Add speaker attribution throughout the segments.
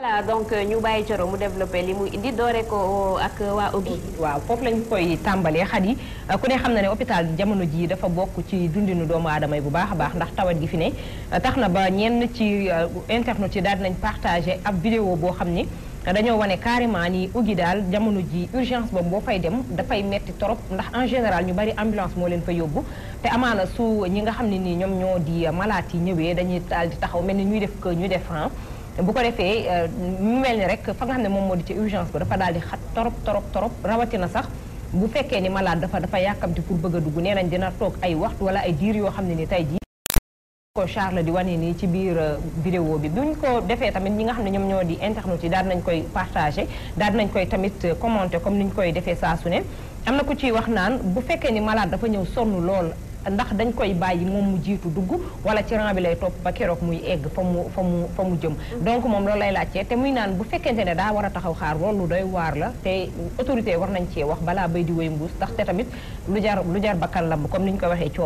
Speaker 1: voilà donc euh, ñu bàyyi Coro mu développé li mu indi doore ko ak waa Ogi. waaw foofu lañ koy tàmbalee xat yi ku ne xam na ne hôpital jamono jii dafa bokk ci dundinu doomu aadama bu baax a baax ndax tawat gi fi ne tax na ba ñenn ci euh, internet yi daal nañ partagé ab vidéo boo xam ni dañoo wane carrément ni Ogi daal jamono ji urgence boobu boo fay dem dafay metti trop ndax en général ñu bari ambulance moo leen fa yóbbu te amaana su ñi nga xam ne nii ñoom ñoo di malaat yi ñëwee dañuy daal di taxaw mel ni ñuy def que ñu def franc bu ko defee euh, mu mel ni rek fa nga xam ne moom moo di ci urgence ba dafa daal di xat torop torop torop rawatina sax bu fekkee ni malade dafa dafa yàkkamti pour bëgg a dugg nee nañ dina toog ay waxtu wala ay diir yoo xam ne ni tey jii ko Charles di wane nii ci biir euh, vidéo bi buñ ko defee tamit ñi nga xam ne ñoom ñoo di internet yi daal nañ koy partagé daal nañ koy tamit euh, commenté comme ni ñu koy defee saa su ne am na ko ciy wax naan bu fekkee ni malade dafa ñëw sonn lool ndax dañ koy bàyyi moom mu jiitu dugg wala ci rang bi lay topp ba keroog muy egg fa mu fa mu fa mu jëm mm-hmm. donc moom loolu lay laajtee te muy naan bu fekkente ne daa war a taxaw xaar loolu doy waar la te autorité war nañ cee wax balaa bay di wéy mbuus ndax te tamit lu jar lu jar bakkan lamb comme ni ñu ko waxee ci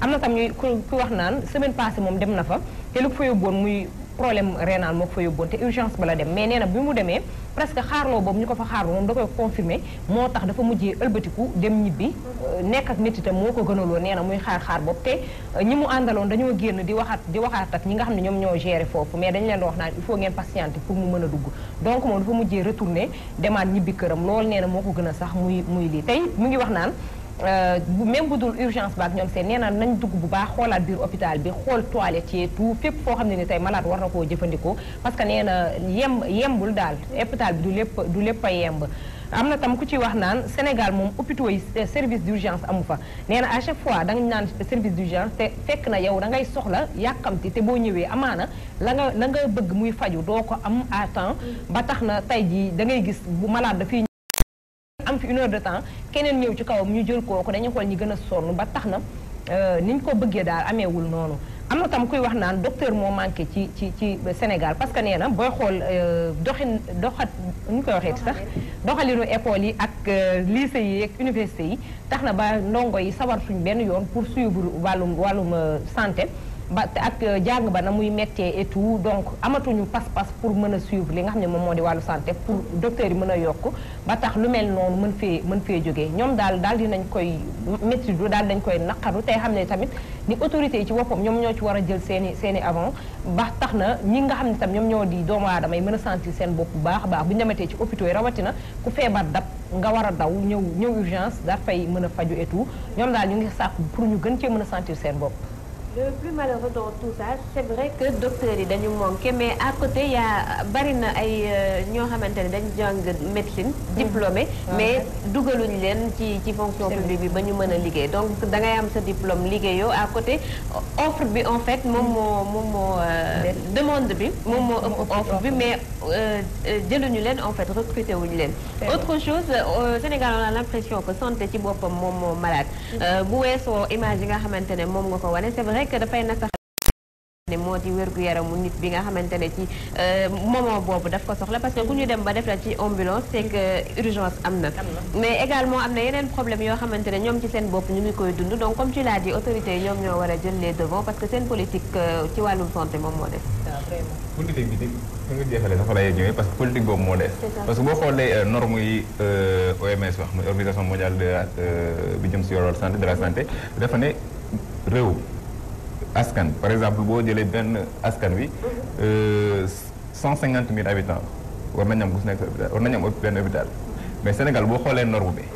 Speaker 1: am na tam ñuy ku wax naan semaine passée moom dem na fa te lu ko fa muy problème rénal moo ko fa yóbboon te urgence ba la dem mais nee na bi mu demee presque xaarloo boobu ñu ko fa xaarloo moom koy confirmer moo tax dafa mujjee ëlbatiku dem ñibbi euh, nekk ak métitam moo ko gënaloo nee na muy xaar xaar boobu te euh, ñi mu àndaloon dañoo génn di waxaat di waxaat ak ñi nga xam ne ñoom ñoo gérer foofu mais dañu leen wax naan il faut ngeen patienter pour mu mën a dugg donc moom dafa mujjee retourner demaat ñibbi këram loolu nee na moo ko gën a sax muy muy lii tey mu ngi wax naan Euh, même bu dul urgence baak ñoom seen neenaan nañ dugg bu baax xoolaat biir hôpital bi xool toilette yi tout fépp foo xam ne ni tey malade war na koo jëfandikoo parce que nee na yemb yembul daal hôpital bi du lépp du lépp a yemb am na tam ku ci wax naan Sénégal moom hôpitaux yi euh, service d'urgence amu fa nee na à chaque fois danga naan service d'urgence te fekk na yow da ngay soxla yàkkamti te boo ñëwee amaana la nga la nga bëgg muy faju doo ko am à temps mm. ba tax na tey jii da ngay gis bu am fi une de temps keneen ñëw ci kawam ñu jël kooku dañu xool ñi gën a sonn ba tax na euh, ni ñu ko bëggee daal ameewul noonu am na tam kuy wax naan docteur moo manqué ci ci ci Sénégal parce que nee na booy xool euh, doxin doxat ñu koy waxee sax doxalinu école yi ak euh, lycée yi ak université yi tax na ba ndongo yi sawar suñ benn yoon pour suivre wàllum wàllum santé ba ak euh, jàng ba na muy métier et donc amatuñu pas-pas pour mën a suivre li nga xam ne moom moo di wàllu santé pour docteur yi mën a yokk ba tax lu mel noonu mën fee mën fee jógee ñoom daal daal nañ koy métti du daal dañ koy naqaru tey xam ne tamit ni autorité yi ci boppam ñoom ñoo ci war a jël seeni i seen i avant ba tax na ñi nga xam ne tam ñoom ñoo di doomu aadama yi mën a sentir seen bopp bu baax a baax bu ñu ci hôpitaux yi rawatina ku feebar dab nga war a daw ñëw ñëw urgence dafay mën a faju et ñoom daal ñu ngi sàkk pour ñu gën cee mën a sentir seen bopp
Speaker 2: le plus malheureux dans tout ça c' est que docteurs yi dañu manqué mais à côté yaa bari na ay euh, ñoo xamante ne dañ jàng médecine diplômé mm-hmm. mais dugaluñ leen ci ci fonction publique bi ba ñu mën a liggéey donc dangay am sa diplôme liggéeyoo à côté offre bi en fait moom moo mm-hmm. moom moo euh, demande bi moom moo ëpp offre bi mais euh, jëluñu leen en fait recruté wuñu leen autre chose au Sénégal a l' impression que ci boppam moom moo malade mm-hmm. bu weesoo image yi nga xamante ne moom nga ko wane rek dafay nasa ne moo di wér-gu-yaramu nit bi nga xamante ne ci euh, moment boobu daf ko soxla parce que ku ñu dem ba def la ci ambulance c'est que urgence am na mais également am na yeneen problème yoo xamante ne ñoom ci seen bopp ñu ngi koy dund donc comme tu l'as dit autorité ñoom ñoo war a jël les devants parce que seen politique euh, ci wàllum santé moom moo des ah,
Speaker 3: politique dafa lay ñëwee parce que politique boobu moo des parce que boo xoolee euh, normes yi OMS wax muy organisation mondiale de bi jëm si wàllu santé de la santé dafa ne askan par exemple boo jëlee benn askan wi euh, cent cinquante mille habitants war nañu am ku si nekk hôpital war nañu am benn hôpital mais Sénégal boo xoolee norme bi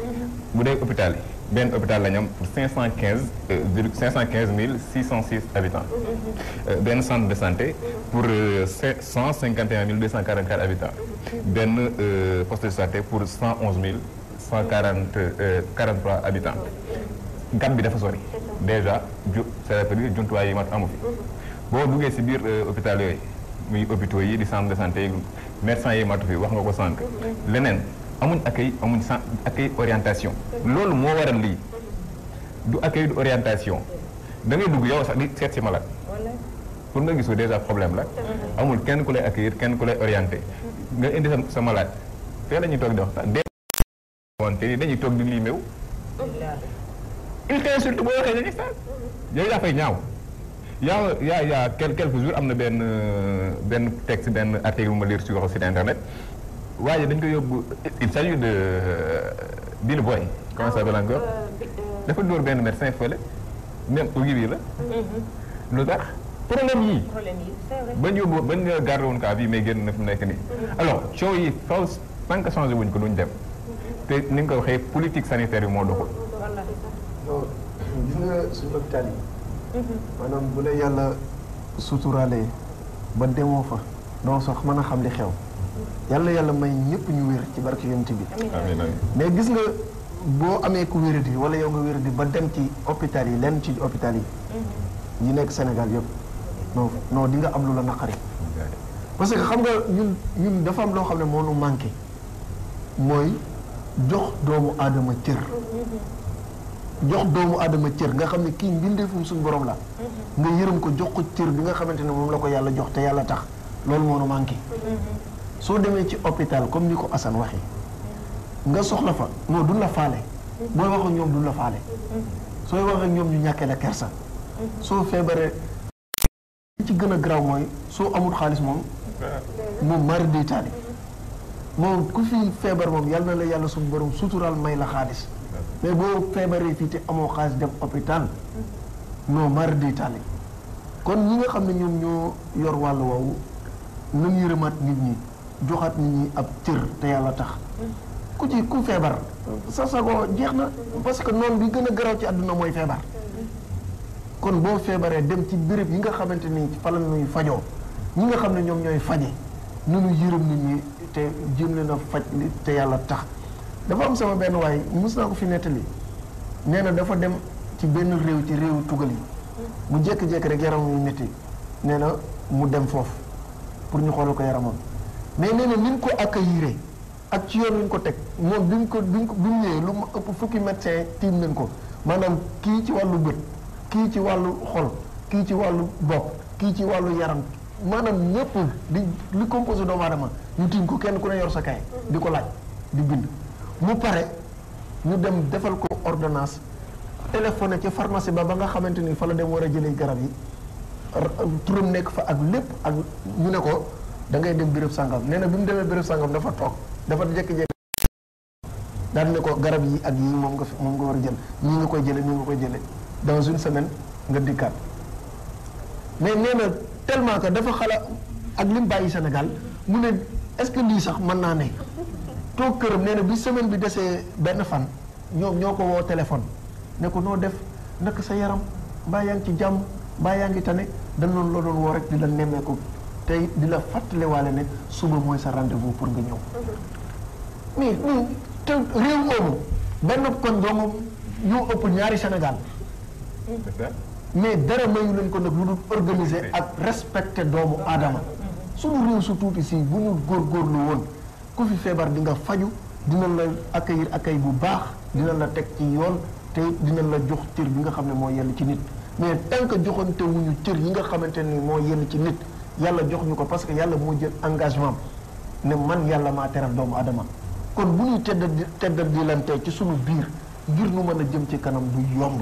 Speaker 3: bu dee hôpital yi benn hôpital la ñu pour cinq cent quinze euh, virgule cinq cent quinze mille six cent six habitants euh, benn centre de santé pour cent cinquante et un mille cent quarante quatre benn poste de santé pour cent onze mille cent quarante quarante trois habitants gap bi dafa sori dèjà ju c'est-à-dire jumtuwaay yi mat amu fi boo duggee si biir euh, hôpital yooyu muy hôpitaux yi di centre de santé yi médecins yi matu fii wax nga ko sànq leneen amuñ accueil amuñ san accueil orientation loolu moo waral lii du accueil du orientation da dugg yow sax di seet si malade pour nga gisu déjà problème la amul kenn ku lay accueillir kenn ku lay orienté nga indi sa sa malade fee la ñuy toog di waxtaan dé wante dañuy toog di liimew
Speaker 4: il t'insulte boo waxee dañuy
Speaker 3: yaa fay ñaaw. yaa yaa yaa quelques jours am na benn benn texte benn article bu ma liir lire sur site internet waaye dañ ko yóbbu il s'agit de euh, Bill Boy. comment ça s'appelle ah, euh, euh. dafa dóor benn médecin fële même au bii la.
Speaker 1: Mm-hmm.
Speaker 3: lu tax problème yii.
Speaker 1: problème yii c'est bañ yóbbu
Speaker 3: bañ woon cas bii mais génn na mu nekk nii. Mm-hmm. alors coow yi faw tant que wuñ ko duñ dem. Mm-hmm. te ni nga ko waxee politique sanitaire yu moo doxul.
Speaker 4: non gis nga suñu hôpital yi. Mhm. maanaam bu la yàlla suturaalee ba demoo fa doo sax mën a xam li xew. yàlla yàlla may ñëpp ñu wér ci barke yonent bi. mais gis nga boo amee ku wéradi wala yow nga wéradi ba dem ci hôpital yi lenn ci hôpital yi.
Speaker 2: Mhm.
Speaker 4: ñi nekk senegal yëpp non non di nga am lu la naqari. parce que xam nga ñun ñun dafa am loo xam ne moo nu manqué mooy jox doomu aadama cër. Mhm. jox doomu aadama cër nga xam ne kii mbindeefum suñu boroom la nga yërëm ko jox ko cër bi nga xamante ne moom la ko yàlla jox te yàlla tax loolu moo nu manqué soo demee ci hôpital comme ni ko Assane waxee nga soxla fa non duñ la wax ak ñoom duñ la faale sooy wax ak ñoom kersa soo feebaree ci gën a garaaw mooy soo amul xaalis moom moom mari day taali moom ku fi feebar moom yàlla na la yàlla suñ borom suturaal may la xaalis mais boo feebaree fii te amoo xaalis dem hôpital non mar di tali kon ñi nga xam ne ñoom ñoo yor wàll woowu nañu yërëmaat nit ñi joxaat nit ñi ab cër te yàlla tax ku ci ku feebar sa sago jeex na parce que noonu bi gën a garaw ci àdduna mooy feebar kon boo feebaree dem ci béréb yi nga xamante ni fa la ñuy fajoo ñi nga xam ne ñoom ñooy faje nunu yërëm nit ñi te jéem na a faj te yàlla tax dafa am sama benn waay mus naa ko fi nettali nee na dafa dem ci benn réew ci réew tugal yi mu jékki-jékki rek yaram yu métti nee na mu dem foofu pour ñu xoolal ko yaramam mais nee na ni ñu ko accueillir ak ci yoon wi ñu ko teg moom bi ñu ko bi ñu ko mu ñëwee lu ma ëpp fukki médecin tiim nañ ko maanaam kii ci wàllu bët kii ci wàllu xol kii ci wàllu bopp kii ci wàllu yaram maanaam ñëpp di li composé doomu aadama ñu tiim ko kenn ku ne yor sa kaay di ko laaj di bind. mu pare ñu dem defal ko ordonnance téléphoné ca pharmacie ba ba nga xamante ni fa la dem war a jëlee garab yi turam nekk fa ak lépp ak ñu ne ko da ngay dem béréb sàngam nee na bi mu demee béréb sàngam dafa toog dafa jékki-jékki daan ne ko garab yi ak yii moom nga fi moom nga war a jël ñii nga koy jële ñii nga koy jële dans une semaine nga dikkaat mais nee na tellement dafa xala ak lim bàyyi Sénégal mu ne est-ce que lii sax mën naa ne toog kër nee bi semaine bi desee benn fan ñoom ñoo ko woo téléphone ne ko noo def naka sa yaram mbaa yaa ngi ci jàmm mbaa yaa ngi tane dañ doon la doon woo rek di la nemmeeku te it di la fàttaliwaale ne suba mooy sa rendez-vous pour nga ñëw. Mhm. mais ñun te réew moomu benn kon doomu yu ëpp ñaari senegal mais dara mayu leen ko nag lu dul organiser ak respecter doomu aadama. Mhm. suñu réew su tuuti si bu góor góorgóorlu woon. ku fi feebar di nga faju dinañ la accueillir accueil bu baax dinañ la teg ci yoon te dinañ la jox cër bi nga xam ne moo yell ci nit mais tant que joxante wuñu cër yi nga xamante ni moo yell ci nit yàlla jox ñu ko parce que yàlla moo jël engagement ne man yàlla maa teral doomu adama kon bu ñuy tedd teddal di lante ci suñu biir ngir nu mën a jëm ci kanam du yomb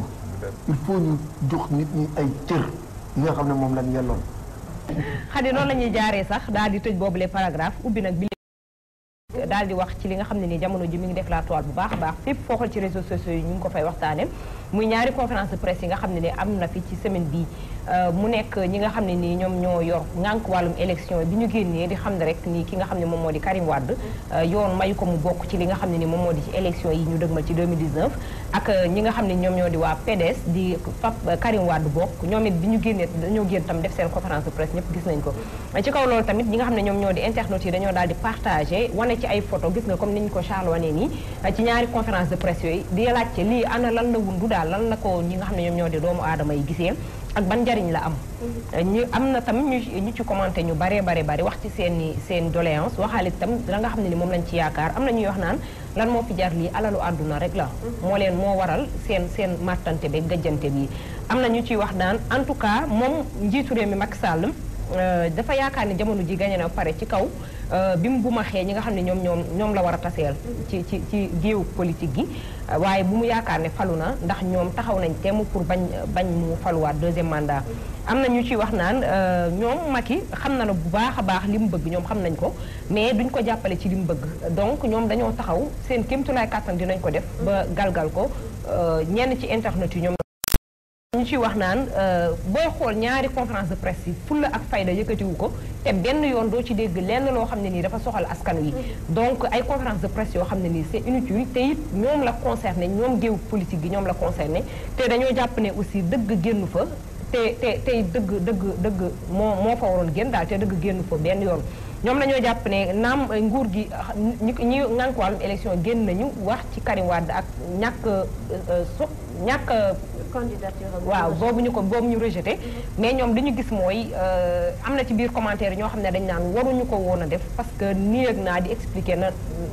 Speaker 4: il faut ñu jox nit ñi ay cër yi nga xam ne moom lañ yelloon
Speaker 1: xadi noonu la jaaree sax daal di tëj boobu les ubbi nag daal di wax ci li nga xam ne nii jamono ji mi ngi def bu baax a baax fépp foo xool ci réseaux sociaux yi ko fay waxtaane muy ñaari conférence de presse yi nga xam ne ne am na fi ci semaine bii euh, mu nekk ñi nga xam ne ni ñoom ñoo yor ngànk wàllum élection bi ñu génnee di xam ne rek nii ki nga xam ne moom moo di Karim Wade euh, yoon mayu ko mu bokk ci li nga xam ne ni moom moo di ci élection yi ñu dëgmal ci 2019 ak euh, ñi nga xam ne ñoom ñoo di waa PDS di Pape Karim bokk ñoom bi ñu génnee dañoo génn tam def seen conférence de presse ñëpp gis nañ ko ci kaw loolu tamit ñi nga xam ne ñoom ñoo di internautes yi dañoo daal di partagé wane ci ay photo gis nga comme niñ ko Charles wane nii ci ñaari conférence de presse yooyu di laajte lii lan la ko ñi nga xam ne ñoom ñoo di doomu aadama yi gisee ak ban njariñ la am
Speaker 2: mm-hmm.
Speaker 1: ñu am na tam ñu ñu ci commenté ñu baree bare bari wax ci seen i seen doléance waxaale tam la nga xam ne ni moom lañ ci yaakaar am na ñuy wax naan lan moo fi jar lii alalu àdduna rek la mm-hmm. moo leen moo waral seen seen màttante bi gëjjante bi am na ñu ciy wax naan en tout cas moom njiitu réew mi Macky Sall Euh, dafa yaakaar ne jamono ji gañe na pare ci kaw euh, bi mu bu ma xee ñi nga xam ne ñoom ñoom ñoom la war a taseel ci ci ci géewu politique gi euh, waaye bu mu yaakaar ne falu na ndax ñoom taxaw nañ temm pour bañ bañ mu faluwaat deuxième mandat am na ñu ci wax naan ñoom yi xam na na bu baax a baax li mu bëgg ñoom xam nañ ko mais duñ ko jàppale ci li mu bëgg donc ñoom dañoo taxaw seen kéemtulaay kàttan dinañ ko def ba galgal ko ñenn ci internet yi ñoom ñu ciy wax naan euh, booy xool ñaari conférence de presse yi fulla ak fayda yëkkatiwu ko te benn yoon doo ci dégg lenn loo xam ne nii dafa soxal askan yi mm-hmm. donc ay conférence de presse yoo xam ne nii c'est inutile te it ñoom la concerné ñoom géew politique gi ñoom la concerné te dañoo jàpp ne aussi dëgg génn fa te te tey dëgg dëgg dëgg moo moo fa waroon génn daal te dëgg génn fa benn yoon. ñoom la ñoo jàpp ne naam euh, nguur gi ah, ñi ñi ngànk wàllum élection génn nañu wax ci Karim Wade ak ñàkk euh, waaw boobu ñu ko boobu ñu rejeté mm-hmm. mais ñoom li ñu gis mooy euh, am na ci biir commentaire yi ñoo xam ne dañ naan waruñu ko woon a def parce que nii ak naa di expliquer na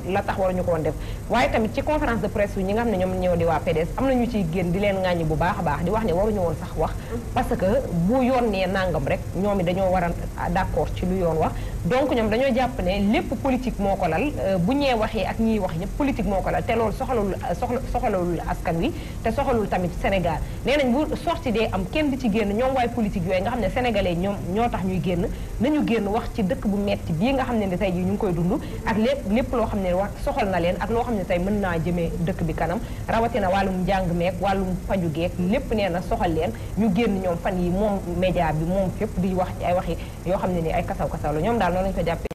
Speaker 1: la tax waruñu ko woon def waaye tamit ci conférence de presse yi ñi nga xam ne ñoom ñëw di waa PDS am na ñu ciy génn di leen ŋàññi bu baax a baax di wax ne waruñu woon sax wax mm-hmm. parce que bu yoon nee nangam rek ñoom it dañoo war a d'accord ci lu yoon wax donc ñoom dañoo jàpp ne lépp politique moo ko lal euh, bu ñee waxee ak ñiy wax ñëpp politique moo ko lal te loolu soxalul euh, soxla soxalul askan wi te soxalul tamit Sénégal nee nañ bu sorti dee am kenn di ci génn ñoom waay politique yooyu nga xam ne sénégalais ñoom ñoo tax ñuy génn nañu génn wax ci dëkk bu metti bii nga xam ne ni tey ji ñu ngi koy dund ak lépp lépp loo xam ne soxal na leen ak loo xam ne tey mën naa jëmee dëkk bi kanam rawatina wàllum njàng meek wàllum faju geek lépp nee na soxal leen ñu génn ñoom fan yi moom média bi moom fépp di wax ci ay waxi yoo xam ne ni ay kasaw kasaw la ñoom daal daal noonu ko jàppee.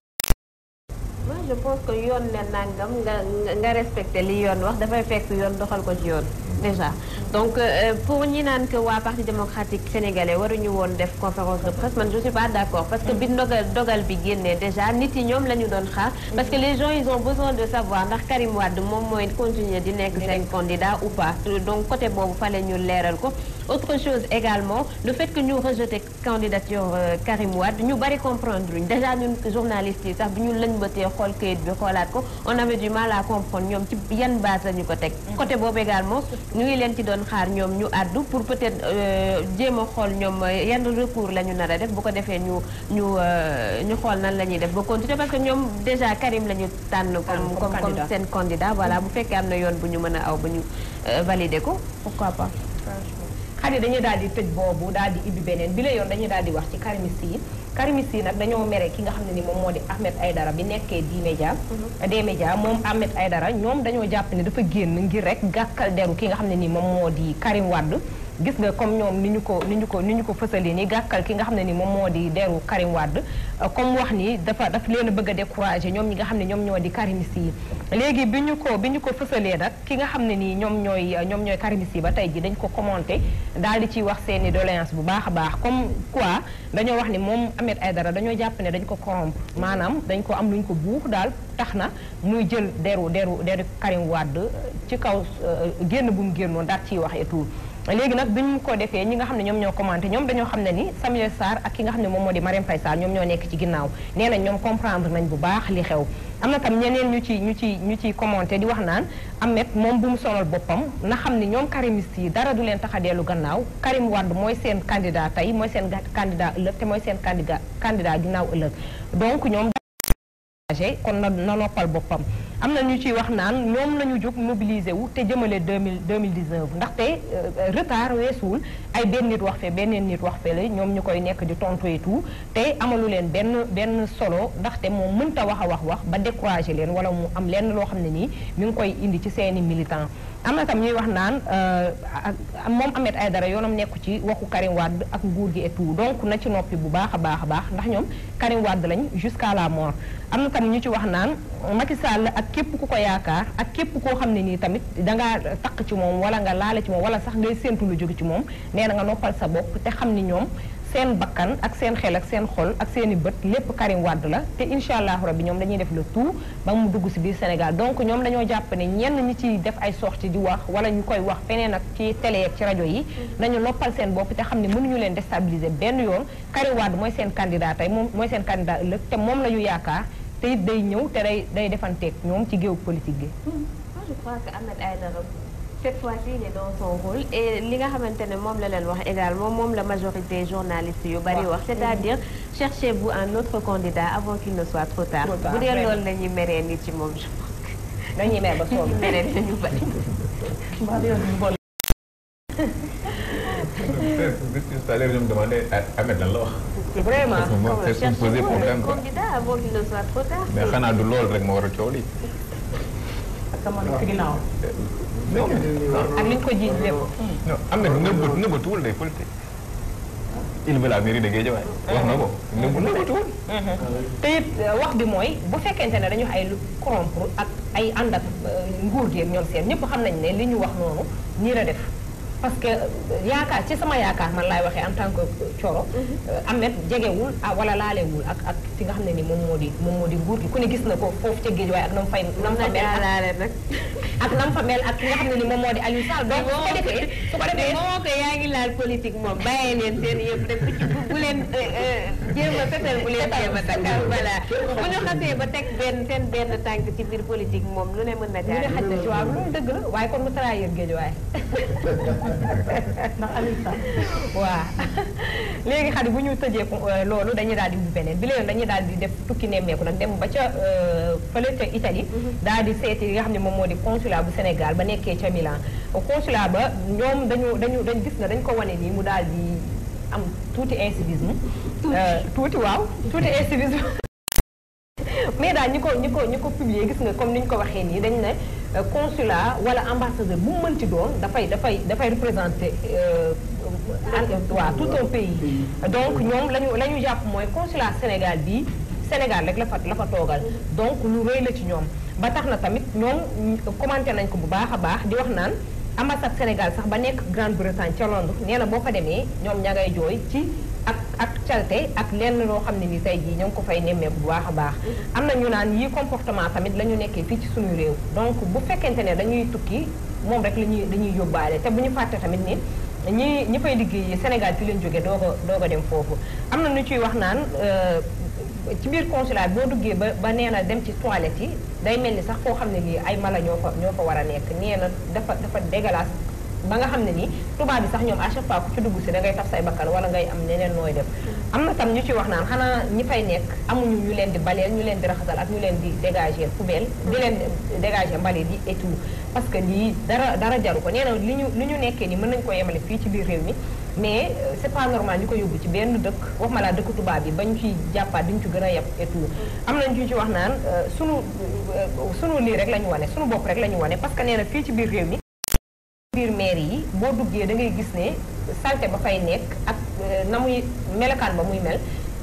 Speaker 2: moi je pense que yoon ne nangam nga nga respecté li yoon wax dafay fekk yoon doxal ko ci yoon. déjà donc euh, pour ñi naan que waa parti démocratique sénégalais waruñu woon def conférence de presse man je suis pas d'accord parce que bi ndogal dogal bi génnee déjà nit yi ñoom la ñu doon xaar parce que les gens ils ont besoin de savoir ndax Karim Wade moom mooy continuer di nekk seen candidat ou pas donc côté boobu fale ñu leeral ko autre chose également le fait que ñu rejeté candidature euh, Karim Wade ñu bari comprendre luñ déjà ñun journalistes yi sax bi ñu lañ bëtee xool kayit ko on avait du mal à comprendre ñoom ci yan base ñu ko teg côté boobu ñu ngi leen ci doon xaar ñoom ñu àddu pour peut-être euh, jéem a xool ñoom euh, yan recours la ñu nar a def bu ko defee ñu ñu euh, ñu xool nan la ñuy def ba continuer parce que ñoom déjà Karim la ñu tànn comme comme comme seen candidat voilà mm-hmm. bu fekkee am na yoon bu ñu mën a aw ba ñu valider ko pourquoi pas xar yi dañuy di tëj boobu daal di
Speaker 1: ibbi beneen bi la yoon dañuy daal di wax ci karimiste yi karimiste yi nag dañoo mere ki nga xam ne ni moom moo di Ahmed Aydara bi nekkee di média mhm. des média moom Ahmed Aydara ñoom dañoo jàpp ne dafa génn ngir rek gàkkal deru ki nga xam ne ni moom moo di Karim Wade gis nga comme ñoom ni ñu ko ni ñu ko ni ñu ko fësalee ni gàkkal ki nga xam ne ni moom moo di deru Karim wàdd comme wax ni dafa daf leen a bëgg a découragé ñoom ñi nga xam ne ñoom ñoo di karimiste léegi bi ñu ko bi ñu ko fësalee nag ki nga xam ne nii ñoom ñooy ñoom ñooy karimiste ba tey ji dañ ko commenté daal di ciy wax seeni i bu baax a baax comme quoi dañoo wax ni moom ay dara dañoo jàpp ne dañ ko corrompre maanaam dañ ko am lu ñu ko buux daal tax na muy jël deru deru deru Karim wàdd ci kaw euh, génn bu mu génnoon daal ciy wax et tout léegi nag bi ñu ko defee ñi nga xam ne ñoom ñoo commenté ñoom dañoo xam ne ni Samuel Sarr ak ki nga xam ne moom moo di Marème Faye Sall ñoom ñoo nekk ci ginnaaw nee ñoom comprendre nañ bu baax li xew am na tam ñeneen ñu ci ñu ci ñu ciy commenté di wax naan Ahmed moom bu mu sonal boppam na xam ne ñoom karimiste yi dara du leen tax a dellu gannaaw Karim Wade mooy seen candidat tey mooy seen candidat ëllëg te mooy seen candidat candidat ginnaaw ëllëg donc ñoom kon na noppal boppam am na ñu ciy wax naan ñoom nañu jóg mobiliser wu te jëmale deux mille deux mille dix-neuf ndaxte euh, euh, retard weesuwul ay benn nit wax fe beneen nit wax fe la ñoom ñu koy nekk di tontu et tout tey amalu leen benn benn solo ndaxte moom mënta wax a wax wax ba décourager leen wala mu am lenn loo xam ne nii ñu ngi koy indi ci seeni militant am na tam ñuy wax naan euh, moom Ahmed Aïdara yoonam nekku ci waxu Karim Wade ak nguur gi et tout donc na ci noppi bu baax a baax a baax ndax ñoom Karim Wade lañ jusqu'à la mort am na tam ñu ci wax naan Macky Sall ak képp ku ko yaakaar ak képp koo xam ne nii tamit dangaa taq ci moom wala nga laale ci moom wala sax ngay séentu lu jóge ci moom nee na nga noppal sa bopp te xam ni ñoom seen bakkan ak seen xel ak seen xol ak seen i bët lépp Karim Wade la te incha allahu rabbi ñoom dañuy def le tout ba mu dugg si biir Sénégal donc ñoom dañoo jàpp ne ñenn ñi ci def ay sortie di wax wala ñu koy wax feneen ak ci télé ak ci rajo yi mm-hmm. nañu noppal seen bopp te xam ne mënuñu leen déstabiliser benn yoon Karim Wade mooy seen candidat tey moom mooy seen candidat ëllëg te moom lañu yaakaar te it day ñëw te day day defanteeg ñoom ci géew politique gi
Speaker 2: mm-hmm. cette fois-ci dans son rôle et li nga xamante ne moom la leen wax également moom la majorité journaliste yu bari wax c'est-à-dire cherchez-vous un autre candidat avant qu'il ne soit trop tard bu dee loolu la ñuy meree nit ci moom je pense dañuy mer ba sonn meree nañu bari tout
Speaker 3: à l'heure je me demandais
Speaker 2: candidat avant qu'il ne soit trop tard. mais xanaa
Speaker 3: du loolu rek moo war a coow lii
Speaker 2: que moo ginnaaw.
Speaker 1: ak li ko jiiñ lépp.
Speaker 3: non am na nëbbatu nëbbatuwul day politique. il veut la mairie de Guédiawaye wax na ko
Speaker 1: nëbbu nëbbatuwul. te it wax bi mooy bu fekkente ne dañu ay lu corrompre ak ay ànd ak euh, nguur gi ak ñoom seen ñëpp xam nañ ne li ñu wax noonu nii la def. parce que yaakaar ci sama yaakaar man laay waxee en tant que Coro. Mhm. Ameth jegewul ah, wala laalewul ak ak fi nga xam ne ni moom moo di moom moo di nguur gi ku ne gis na ko foofu ca géej waaye ak nam fay. nam fa mel ak ak nam
Speaker 2: moom ko defee su politique moom bàyyi leen seen yëpp rek bu leen euh, euh, jéem a fetal bu leen jéem a takkal benn seen benn tànk ci biir politique moom lu ne mën na. jaay lu ne dëgg la waaye kon
Speaker 1: mu trahir géej waaye ndax
Speaker 2: Alioune Sarr waaw
Speaker 1: léegi xam bu ñu tëjee euh, loolu dañuy daal di bu beneen bi léegi dañuy daal di def tukki nemmeeku nag dem ba ca euh, fële ca Italie. Mm-hmm. daal di seeti li nga xam ne moom moo di consulat bu Sénégal ba nekkee ca Milan consulat ba ñoom dañu dañu dañ gis na dañ ko wane nii mu daal di am tuuti incivisme. tuuti euh, waaw tuuti incivisme mais daal ñi ko ñi ko ñi ko publier gis nga comme ni ñu ko waxee nii dañ ne. Euh, consulat wala ambassadeur bu mu mënti doon dafay dafay dafay représenter euh, waa tout un pays donc ñoom lañu la ñu jàpp mooy consulat Sénégal bii Sénégal rek lafa fa la fa toogal donc lu rëy la ci ñoom ba tax na tamit ñoom euh, commenté nañ ko bu baax a baax di wax naan ambassade Sénégal sax ba nekk Grande-Bretagne ca Londres nee na boo fa demee ñoom ña ngay jooy ci ak calte ak lenn loo xam ne ni tey jii ñoo ngi ko fay nemmee bu baax a baax am na ñu naan yi comportement tamit la ñu nekkee fii ci suñu réew donc bu fekkente ne dañuy tukki moom rek la ñuy dañuy yóbbaale te bu ñu fàttee tamit ni ñi ñi fay liggéey yi Sénégal fi leen jóge doog a doog dem foofu am na ñu ciy wax naan euh, ci biir consulat boo duggee ba ba nee dem ci toilette yi day mel ni sax foo xam ne lii ay mala ñoo fa ñoo fa war a nekk nee na dafa dafa dégueulasse ba nga xam ne ni tubaab bi sax ñoom à chaque ci dugg si da taf say bakkan wala ngay am leneen nooy def am na tam ñu ci wax naan xanaa ñi fay nekk amuñu ñu leen di baleel ñu leen di raxasal ak ñu leen di dégager poubelle di leen dégager mbalit yi et parce que lii dara dara jaru ko nee li ñu li ñu nekkee ni mën nañu ko yemale fii ci biir réew mi mais euh, c'est ñu ko yóbbu ci benn dëkk wax ma laa tubaab bi ba ciy jàppaat di gën a yeb et am nañ ñu ci wax naan euh, sunu euh, sunu lii rek la ñu wane sunu bopp rek la ñu wane parce que fii ci biir réew mi biir maire yi boo duggee da ngay gis ne salte ba fay nekk ak euh, na muy melokaan ba muy mel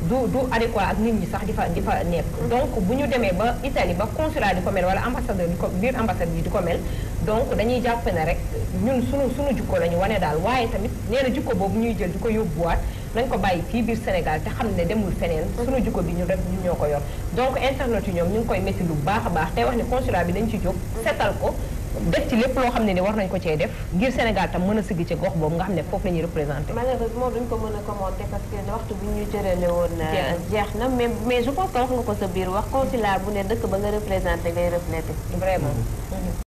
Speaker 1: du du adéquat ak nit ñi sax di fa di fa nekk. donc bu ñu demee ba Italie ba consulat di ko mel wala ambassadeur ko biir ambassade yi di ko mel donc dañuy jàpp ne rek ñun sunu sunu jukko la wane daal waaye tamit nee na jukko boobu ñuy jël di ko yóbbuwaat. nañ ko bàyyi fii biir Sénégal te xam ne demul feneen sunu jikko bi ñu rek ñu ñoo ko yor donc internet yi ñoom ñu ngi koy métti lu baax a baax tey wax ne consulat bi dañ ci jóg dëkk ci lépp loo xam ne ni war nañ ko cee def ngir Sénégal tam mën a sigg ci gox boobu nga xam ne foofu la ñuy représenté
Speaker 2: malheureusement duñ ko mën a commenté parce que waxtu bi ñu jërale woon euh, jeex na mais mais su pense que wax nga ko sa biir wax laa bu ne dëkk ba nga représenté ngay reflété vraiment